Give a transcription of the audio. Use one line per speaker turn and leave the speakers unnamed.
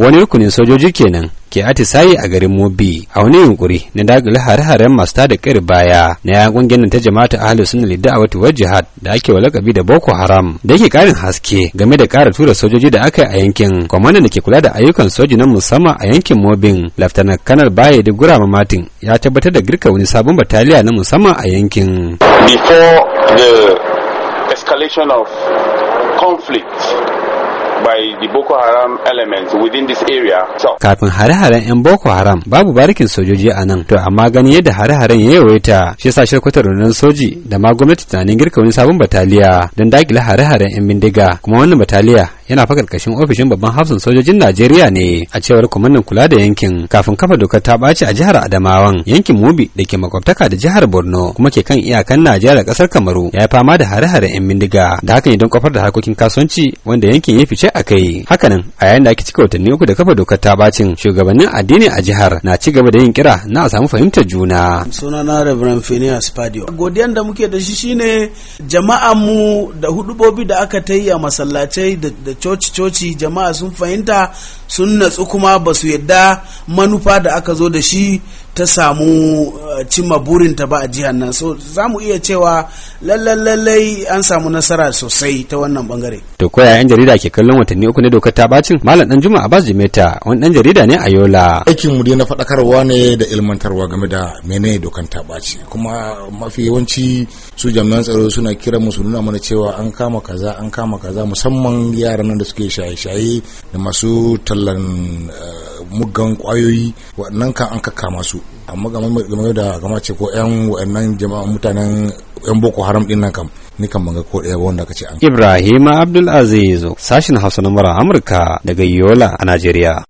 Wani rukunin sojoji kenan ke atisaye a garin Mobi a wani yunkuri na dagula har haren masu tada kar baya na ya kungiyar ta jama'ata ahli suna lidda a wata jihad da ake wa lakabi da Boko Haram da yake karin haske game da kara tura sojoji da aka yi a yankin kwamandan da ke kula da ayyukan soji na musamman a yankin Mobin Laftanar Kanar baya da Gurama Martin ya tabbatar da girka wani sabon bataliya na musamman a yankin.
Before the escalation conflict by the Boko Haram elements within this area.
kafin hare-haren 'yan Boko Haram babu barikin sojoji a nan, to amma gani yadda hare-haren ya yawaita shi yasa shirkwatar rundunar soji da ma gwamnati tunanin girka wani sabon bataliya don dakile hare-haren 'yan bindiga kuma wannan bataliya yana fa karkashin ofishin babban hafsan sojojin Najeriya ne a cewar kwamandan kula da yankin kafin kafa dokar ta ɓaci a jihar Adamawan yankin Mubi da ke makwabtaka da jihar Borno kuma ke kan iyakan Najeriya da ƙasar Kamaru ya fama da hare-haren 'yan bindiga da haka ne don kofar da harkokin kasuwanci wanda yankin ya fice sosai a kai hakanan a yayin da ake cika watanni uku da kafa dokar ta bacin shugabannin addini a jihar na ci gaba da yin kira na a samu fahimtar juna
sunana reverend phineas padio godiyan da muke da shi shine jama'a mu da hudubobi da aka ta a masallacai da coci coci jama'a sun fahimta sun natsu kuma ba su yadda manufa da aka zo da shi ta samu eh, cimma burinta ba a jihar nan so za mu iya cewa lallai an samu nasara sosai ta wannan bangare.
to koya yan jarida ke kallon watanni uku ne dokar ta bacin malam dan juma abbas jimeta wani dan jarida ne a yola.
aikin mu na faɗakarwa ne da ilmantarwa game da mene dokan ta baci kuma mafi yawanci su jami'an tsaro suna kira mu su nuna mana cewa an kama kaza an kama kaza musamman yaran da suke shaye-shaye da masu tallan eh, muggan kwayoyi waɗannan kan an kama su amma game da gama ce ko yan waɗannan jama'a mutanen yan boko haram din nan kam ni kan banga ko ɗaya wanda kace an
Ibrahim Abdul Aziz sashin Hausa na Amurka daga Yola a Najeriya